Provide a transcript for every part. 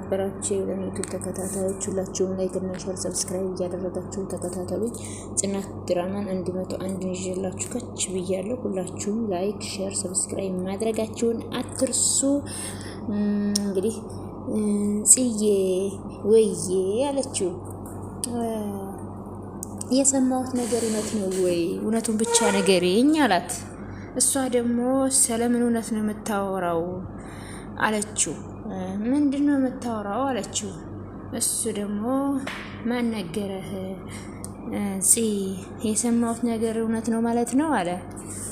የተከበራችሁ የዩቱብ ተከታታዮች ሁላችሁም ላይክ እና ሼር ሰብስክራይብ እያደረጋችሁ ተከታተሉኝ። ጽናት ድራማን አንድ መቶ አንድ ይዤላችሁ ከች ብያለሁ። ሁላችሁም ላይክ፣ ሼር፣ ሰብስክራይብ ማድረጋችሁን አትርሱ። እንግዲህ ጽዬ ወዬ አለችው የሰማሁት ነገር እውነት ነው ወይ? እውነቱን ብቻ ነገሬኝ አላት። እሷ ደግሞ ስለምን እውነት ነው የምታወራው አለችው። ምንድን ነው የምታወራው አለችው። እሱ ደግሞ ማን ነገረህ ጽ የሰማሁት ነገር እውነት ነው ማለት ነው አለ።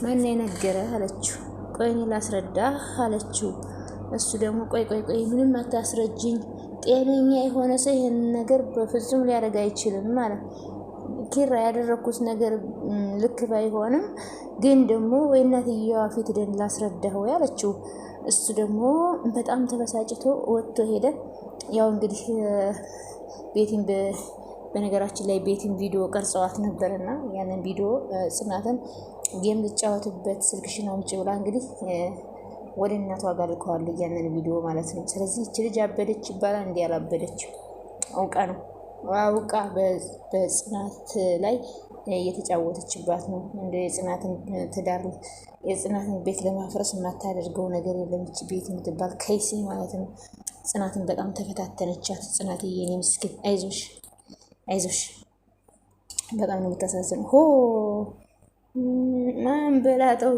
ማን የነገረህ አለችው። ቆይ እኔ ላስረዳህ አለችው። እሱ ደግሞ ቆይ ቆይ ቆይ ምንም አታስረጅኝ፣ ጤነኛ የሆነ ሰው ይህን ነገር በፍጹም ሊያደርግ አይችልም አለ። ኪራ ያደረግኩት ነገር ልክ ባይሆንም ግን ደግሞ ወይ እናትየዋ ፊት ደን ላስረዳህ ወይ አለችው። እሱ ደግሞ በጣም ተበሳጭቶ ወጥቶ ሄደ። ያው እንግዲህ ቤቲን በነገራችን ላይ ቤቲን ቪዲዮ ቀርጸዋት ነበርና ያንን ቪዲዮ ጽናትን ጌም ልጫወትበት ስልክሽን አምጪ ብላ እንግዲህ ወደ እናቷ ጋር ልከዋለሁ ያንን ቪዲዮ ማለት ነው። ስለዚህ እች ልጅ አበደች ይባላል። እንዲህ ያላበደችው አውቃ ነው አውቃ በጽናት ላይ እየተጫወተችባት ነው። እንደ የጽናትን ትዳር የጽናትን ቤት ለማፍረስ የማታደርገው ነገር የለምች ቤት የምትባል ከይሲ ማለት ነው። ጽናትን በጣም ተፈታተነቻት። ጽናትዬ የኔ ምስኪን አይዞሽ አይዞሽ፣ በጣም ነው የምታሳዝን። ሆ ማን በላጠው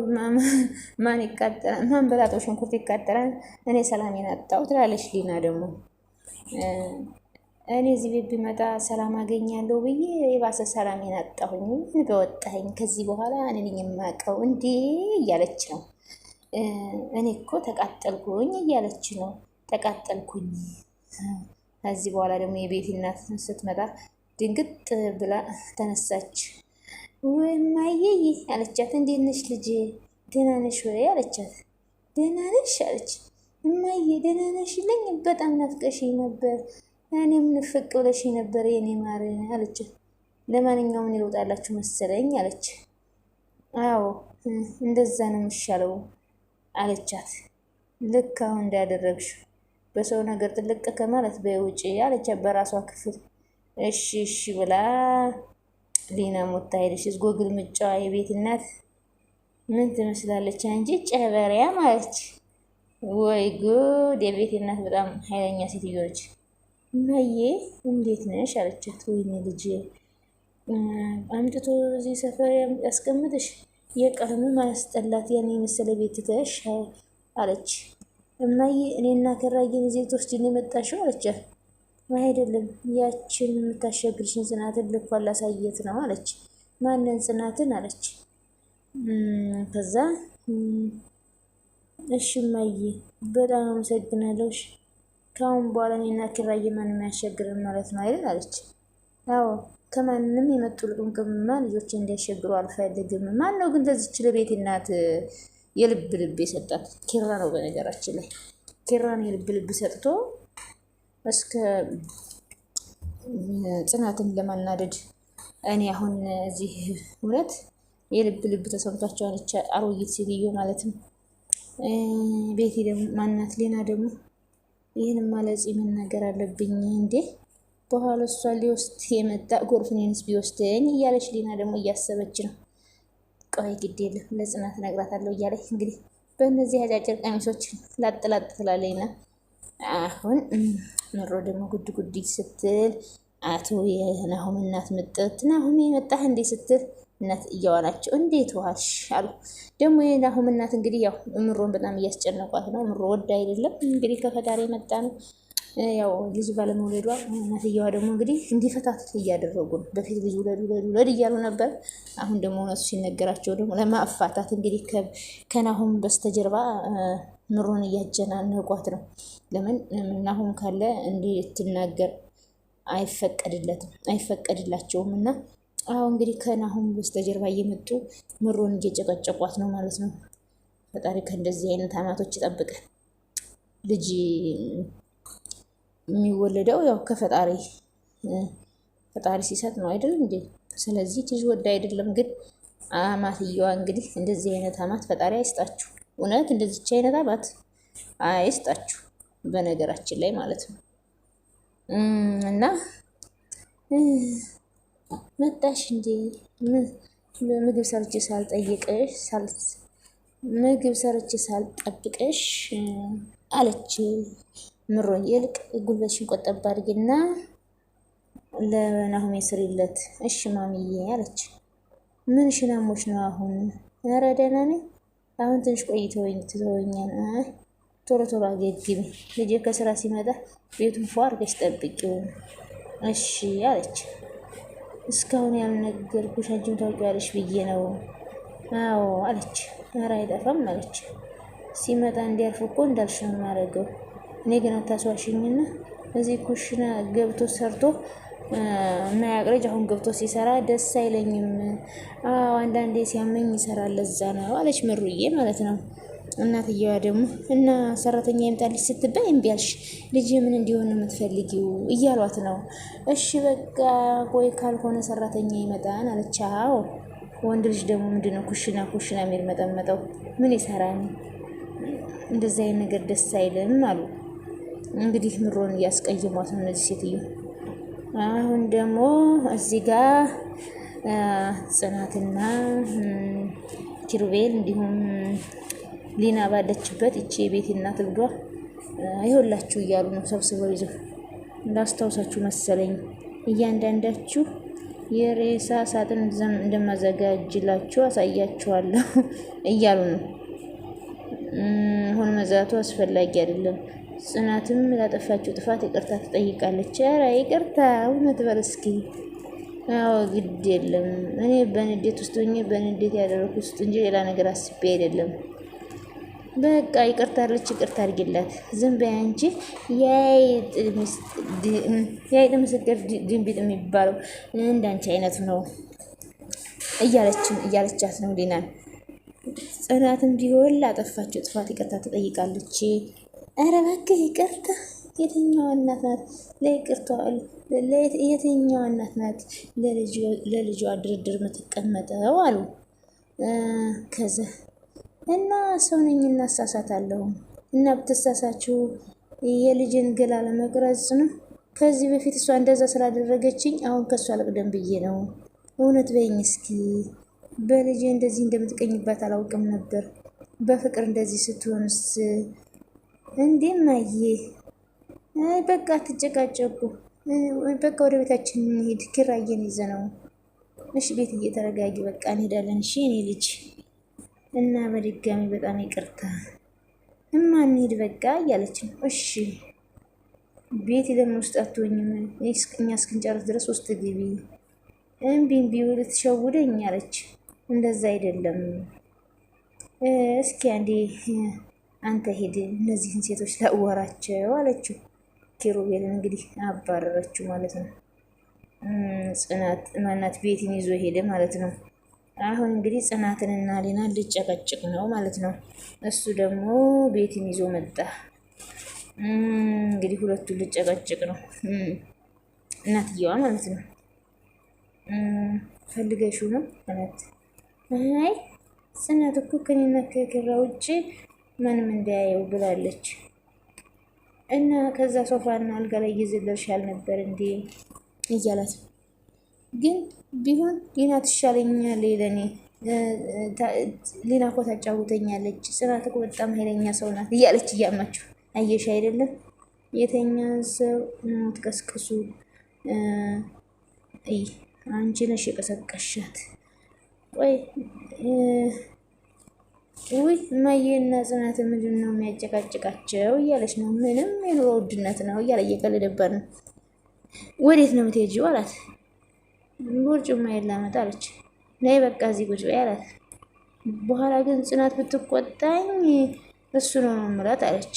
ማን ይቃጠላል? ማን በላጠው ሽንኩርት ይቃጠላል። እኔ ሰላም አጣው ትላለች ሊና ደግሞ እኔ እዚህ ቤት ቢመጣ ሰላም አገኛለሁ ብዬ የባሰ ሰላም የናጣሁኝ ምን በወጣኝ ከዚህ በኋላ እኔን የማቀው እንዴ እያለች ነው። እኔ እኮ ተቃጠልኩኝ እያለች ነው። ተቃጠልኩኝ ከዚህ በኋላ ደግሞ የቤት እናት ስትመጣ ድንግጥ ብላ ተነሳች። ወማየይ አለቻት። እንዴት ነሽ ልጄ ደህና ነሽ ወይ አለቻት። ደህና ነሽ አለች። እማዬ ደህና ነሽ ለኝ በጣም ናፍቀሽኝ ነበር እኔም ንፍቅ ብለሽ ነበር የኔ ማር አለች። ለማንኛውም እኔ መሰለኝ አለች። አዎ እንደዛ ነው የሚሻለው አለቻት። ልክ አሁን እንዳደረግሽ በሰው ነገር ጥልቅ ከማለት በውጭ አለቻት በራሷ ክፍል። እሺ እሺ ብላ ሊና ሞታ ሄደች። እዝጎ ግልምጫዋ የቤት እናት ምን ትመስላለች አንጂ ጨበሪያ ማለች። ወይ ጉድ! የቤት እናት በጣም ኃይለኛ ሴትዮ ነች። እናዬ እንዴት ነሽ አለቻት። ወይኔ ልጅ አምጥቶ እዚህ ሰፈር ያስቀምጥሽ የቀኑ ማስጠላት ያን የመሰለ ቤት ትተሽ አለች። እማዬ እኔና ከራዬን እዚህ ትወስጂን የመጣሽው አለቻት። አይደለም ያችን የምታሸግርሽን ጽናትን ልኳ ላሳየት ነው አለች። ማንን ጽናትን አለች። ከዛ እሺ እማዬ በጣም አመሰግናለሁ ከአሁን በኋላ እኔና ኪራዬ ማንም አያስቸግርም ማለት ነው አይደል? አለች። አዎ ከማንም የመጡ ልቁምቅምማ ልጆች እንዲያስቸግሩ አልፈልግም። ማን ነው ግን ለዚች ለቤት እናት የልብ ልብ የሰጣት? ኪራ ነው። በነገራችን ላይ ኪራን የልብ ልብ ሰጥቶ እስከ ጽናትን ለማናደድ እኔ አሁን እዚህ እውነት የልብ ልብ ተሰምቷቸዋለች። አሮጊት ሴትዮ ማለትም ቤቴ ደግሞ ማናት ሌና ደግሞ ይህን ማለጽ ምን ነገር አለብኝ እንዴ? በኋላ እሷ ሊወስድ የመጣ ጎርፍ ቢወስደኝ እያለች ሊና ደግሞ እያሰበች ነው። ቆይ ግድ የለም ለጽናት እነግራታለሁ እያለች እንግዲህ በእነዚህ አጫጭር ቀሚሶች ላጥላጥ ትላለችና አሁን ምሮ ደግሞ ጉድ ጉድ ስትል አቶ የናሁም እናት ምጥት ናሁም የመጣህ እንዴ ስትል እናት እያዋላቸው እንዴት ውሃሽ አሉ። ደግሞ የናሁም እናት እንግዲህ ያው እምሮን በጣም እያስጨነቋት ነው። እምሮ ወዳ አይደለም እንግዲህ ከፈጣሪ የመጣ ነው። ያው ልጅ ባለመውለዷ እናትየዋ ደግሞ እንግዲህ እንዲፈታት እያደረጉ ነው። በፊት ልጅ ውለድ ውለድ ውለድ እያሉ ነበር። አሁን ደግሞ እውነቱ ሲነገራቸው ደግሞ ለማፋታት እንግዲህ ከናሁም በስተጀርባ ምሮን እያጀናነቋት ነው። ለምን ናሁም ካለ እንድትናገር አይፈቀድለትም አይፈቀድላቸውም እና አሁ እንግዲህ ከናሁን በስተጀርባ እየመጡ ምሮን እየጨቀጨቋት ነው ማለት ነው። ፈጣሪ ከእንደዚህ አይነት አማቶች ይጠብቀን። ልጅ የሚወለደው ያው ከፈጣሪ ፈጣሪ ሲሰጥ ነው አይደል እንዴ? ስለዚህ ልጅ ወዳ አይደለም። ግን አማትየዋ እንግዲህ እንደዚህ አይነት አማት ፈጣሪ አይስጣችሁ። እውነት እንደዚች አይነት አማት አይስጣችሁ፣ በነገራችን ላይ ማለት ነው እና መጣሽ እንዴ? ምግብ ሰርቼ ሳልጠይቅሽ ምግብ ሰርቼ ሳልጠብቅሽ አለች ምሮ። ይልቅ ጉልበትሽን ቆጠብ አድርጊና ለናሁሜ ስሪለት። እሺ ማሚዬ አለች። ምን ሽናሞች ነው አሁን? ኧረ ደህና ነኝ። አሁን ትንሽ ቆይተወኝ ትተወኛል። ቶሎ ቶሎ አገግሚ ልጄ ከስራ ሲመጣ ቤቱን ፏ አድርገሽ ጠብቂው እሺ አለች። እስካሁን ያልነገርኩሽ አንቺም ታውቂዋለሽ ብዬ ነው። አዎ አለች። ኧረ አይጠፋም አለች። ሲመጣ እንዲያርፍ እኮ እንዳልሽ ነው የማደርገው። እኔ ግን አታስዋሽኝና እዚህ ኩሽና ገብቶ ሰርቶ ማያቅረጅ አሁን ገብቶ ሲሰራ ደስ አይለኝም። አንዳንዴ ሲያመኝ ይሰራል። ለዛ ነው አለች ምሩዬ ማለት ነው። እናትየዋ ደግሞ እና ሰራተኛ ይምጣልሽ ስትባይ እምቢ አልሽ፣ ልጅ ምን እንዲሆን የምትፈልጊው እያሏት ነው። እሺ በቃ ቆይ ካልሆነ ሰራተኛ ይመጣን አለች። አዎ ወንድ ልጅ ደግሞ ምንድነው ኩሽና ኩሽና የሚል መጠመጠው ምን ይሰራን? እንደዚህ አይነት ነገር ደስ አይልም አሉ። እንግዲህ ምሮን እያስቀየሟት ነው እነዚህ ሴትዮ። አሁን ደግሞ እዚህ ጋር ጽናትና ኪሩቤል እንዲሁም ሊና ባለችበት እቺ የቤት እናት እብዷ አይሆላችሁ እያሉ ነው ሰብስበው ይዘው ላስታውሳችሁ መሰለኝ እያንዳንዳችሁ የሬሳ ሳጥን እንደማዘጋጅላችሁ አሳያችኋለሁ እያሉ ነው። ሆኖ መዛቱ አስፈላጊ አይደለም። ጽናትም ላጠፋችው ጥፋት ይቅርታ ትጠይቃለች። ኧረ ይቅርታ እውነት በል እስኪ። አዎ ግድ የለም እኔ በንዴት ውስጥ ሆኜ በንዴት ያደረኩት ውስጥ እንጂ ሌላ ነገር አስቤ አይደለም። በቃ ይቅርታ አለች። ይቅርታ አድርጊላት። ዝም በይ አንቺ የአይጥ ምስክር ድንቢጥ የሚባለው እንዳንቺ አይነት ነው እያለችም እያለቻት ነው ሊናን ጽናትም ቢሆን ላጠፋችው ጥፋት ይቅርታ ትጠይቃለች። ኧረ እባክህ ይቅርታ የትኛዋ እናት ናት ለይቅርቷ የትኛዋ እናት ናት ለልጇ ድርድር የምትቀመጠው አሉ ከዛ እና ሰው ነኝ እናሳሳታለሁ እና ብትሳሳችሁ የልጅን ገላ ለመቅረጽ ነው። ከዚህ በፊት እሷ እንደዛ ስላደረገችኝ አሁን ከእሷ አልቅደም ብዬ ነው። እውነት በይኝ እስኪ። በልጅ እንደዚህ እንደምትቀኝባት አላውቅም ነበር። በፍቅር እንደዚህ ስትሆንስ እንዴ ማዬ፣ በቃ አትጨቃጨቁ። በቃ ወደ ቤታችን እንሂድ። ኪራዬን ይዘ ነው። እሺ ቤት እየተረጋጊ፣ በቃ እንሄዳለን። እሺ እኔ ልጅ እና በድጋሚ በጣም ይቅርታ እማ እንሂድ በቃ እያለች ነው። እሺ ቤት ደግሞ ውስጥ አትሆኝም? እኛ እስክንጨርስ ድረስ ውስጥ ግቢ እምቢ እምቢ ልትሸውደኝ አለች። እንደዛ አይደለም እስኪ አንዴ አንተ ሄድ እነዚህን ሴቶች ላወራቸው አለችው። ኪሩቤልን እንግዲህ አባረረችው ማለት ነው። ጽናት ማናት ቤትን ይዞ ሄደ ማለት ነው። አሁን እንግዲህ ጽናትንና ሌናን ልጨቀጭቅ ነው ማለት ነው። እሱ ደግሞ ቤትን ይዞ መጣ። እንግዲህ ሁለቱን ልጨቀጭቅ ነው እናትየዋ ማለት ነው። ፈልገሹ ነው እነት አይ ጽናት እኮ ከኔና ከኪራ ውጭ ምንም እንዳያየው ብላለች። እና ከዛ ሶፋና አልጋ ላይ እየዘለልሽ ያልነበር እንዴ እያላት ግን ቢሆን ሊና ትሻለኛል ለኔ ሌላ እኮ ታጫውተኛለች። ጽናት እኮ በጣም ኃይለኛ ሰው ናት እያለች እያማችሁ አየሽ አይደለም የተኛ ሰው ትቀስቅሱ እይ አንቺ ነሽ የቀሰቀሻት። ቆይ ውይ እማዬና ጽናት ምንድን ነው የሚያጨቃጭቃቸው እያለች ነው። ምንም የኑሮ ውድነት ነው እያለ እየቀለደባት ነው። ወዴት ነው የምትሄጂው አላት። ጉርጭ ማየት ላመጣ አለች። ነይ በቃ እዚህ ቁጭ በይ አላት። በኋላ ግን ጽናት ብትቆጣኝ እሱ ነው የምላት አለች።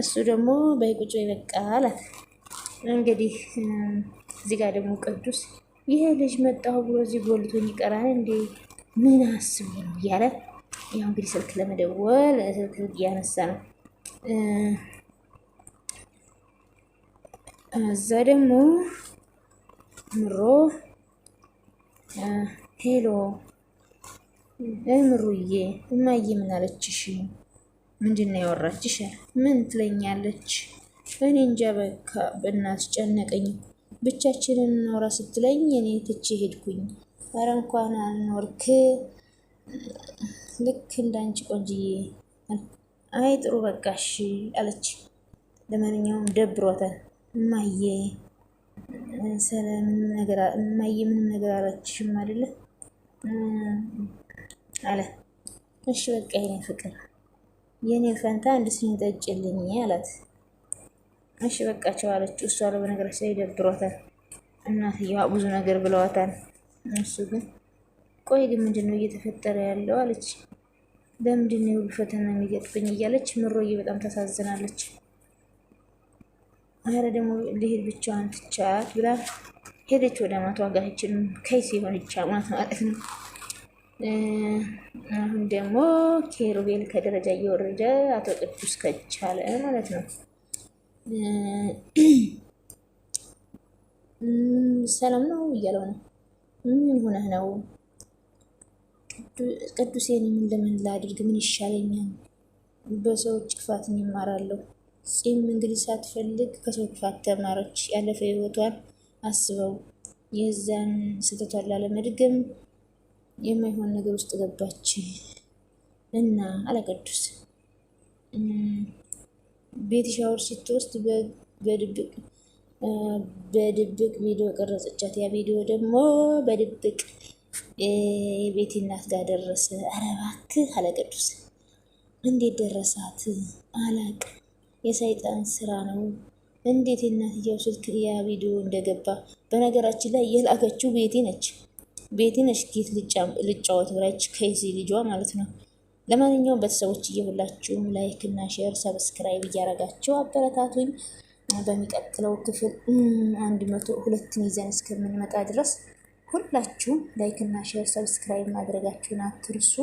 እሱ ደግሞ በይ ቁጭ በይ በቃ አላት። እንግዲህ እዚህ ጋር ደግሞ ቅዱስ ይሄ ልጅ መጣሁ ብሎ እዚህ ጎልቶኝ ይቀራል እንዴ? ምን አስቡ ነው እያለ ያው እንግዲህ ስልክ ለመደወል ስልክ እያነሳ ነው። እዛ ደግሞ ምሮ ሄሎ እምሩዬ እማዬ ምን አለችሽ? ምንድን ነው ያወራችሽ? ምን ትለኛለች? እኔ እንጃ በቃ በእናትሽ ጨነቀኝ። ብቻችንን እንኖራ ስትለኝ እኔ ትቼ ሄድኩኝ። ኧረ እንኳን አልኖርክ ልክ እንዳንቺ ቆንጅዬ። አይ ጥሩ በቃሽ አለች። ለማንኛውም ደብሮታል እማዬ እማዬ ምንም ነገር አላችሽም አይደለ? አለ እሺ በቃ የኔ ፍቅር የኔ ፈንታ አንድ ስኒ ጠጭልኝ አላት። እሺ በቃቸው አለች። እሷ አለ በነገራችን ላይ ደብሯታል። እናትየዋ ብዙ ነገር ብለዋታል። እሱ ግን ቆይ ግን ምንድን ነው እየተፈጠረ ያለው አለች። ለምንድን ነው ፈተና የሚገጥብኝ እያለች ምሮዬ በጣም ታሳዝናለች። አረ ደግሞ ልሄድ ብቻዋን ትቻት ብላ ሄደች ወደ ማቶ ጋር። ከይስ የሆነች አማት ማለት ነው። አሁን ደግሞ ኬሩቤል ከደረጃ እየወረደ አቶ ቅዱስ ከቻለ ማለት ነው። ሰላም ነው እያለው ነው። ምን ሆነህ ነው ቅዱሴን? ምን ለምን ላድርግ? ምን ይሻለኛል? በሰዎች ክፋትን ይማራለሁ ፂም እንግዲህ ሳትፈልግ ከሰው ክፋት ተማረች። ያለፈ ህይወቷን አስበው የዛን ስህተቷን ላለመድገም የማይሆን ነገር ውስጥ ገባች እና አለቀዱስ ቤት ሻወር ስትወስድ በድብቅ በድብቅ ቪዲዮ ቀረጸቻት። ያ ቪዲዮ ደግሞ በድብቅ የቤቲ እናት ጋር ደረሰ። ኧረ እባክህ እንዴት ደረሳት አላቅ የሰይጣን ስራ ነው። እንዴት የእናትየው ስልክ ያ ቪዲዮ እንደገባ በነገራችን ላይ የላከችው ቤቲ ነች። ቤቲ ነች ጌት ልጫወት ብላች ከዚ ልጇ ማለት ነው። ለማንኛውም ቤተሰቦች እየሁላችሁም ላይክ እና ሼር ሰብስክራይብ እያረጋችሁ አበረታቱኝ። በሚቀጥለው ክፍል አንድ መቶ ሁለትን ይዘን እስከምንመጣ ድረስ ሁላችሁም ላይክ እና ሼር ሰብስክራይብ ማድረጋችሁን አትርሱ።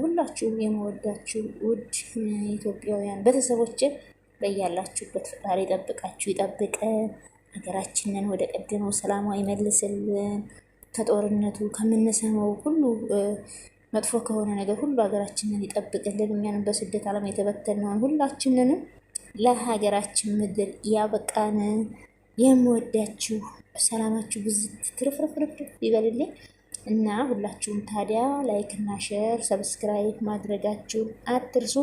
ሁላችሁም የመወዳችሁ ውድ ኢትዮጵያውያን ቤተሰቦች በያላችሁበት ፈጣሪ ይጠብቃችሁ፣ ይጠብቀን። ሀገራችንን ወደ ቀደመው ሰላሟ ይመልስልን። ከጦርነቱ ከምንሰማው ሁሉ መጥፎ ከሆነ ነገር ሁሉ ሀገራችንን ይጠብቅልን። እኛንም በስደት ዓለም የተበተነውን ሁላችንንም ለሀገራችን ምድር ያበቃን። የምወዳችሁ ሰላማችሁ ብዝት ትርፍርፍርፍ ይበልልኝ። እና ሁላችሁም ታዲያ ላይክ እና ሼር ሰብስክራይብ ማድረጋችሁ አትርሱ።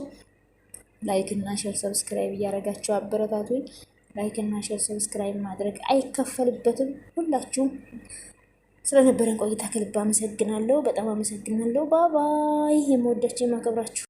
ላይክ እና ሼር ሰብስክራይብ እያደረጋችሁ አበረታቱኝ። ላይክ እና ሼር ሰብስክራይብ ማድረግ አይከፈልበትም። ሁላችሁም ስለነበረን ቆይታ ከልብ አመሰግናለሁ። በጣም አመሰግናለሁ። ባባይ የመወዳችሁ የማከብራችሁ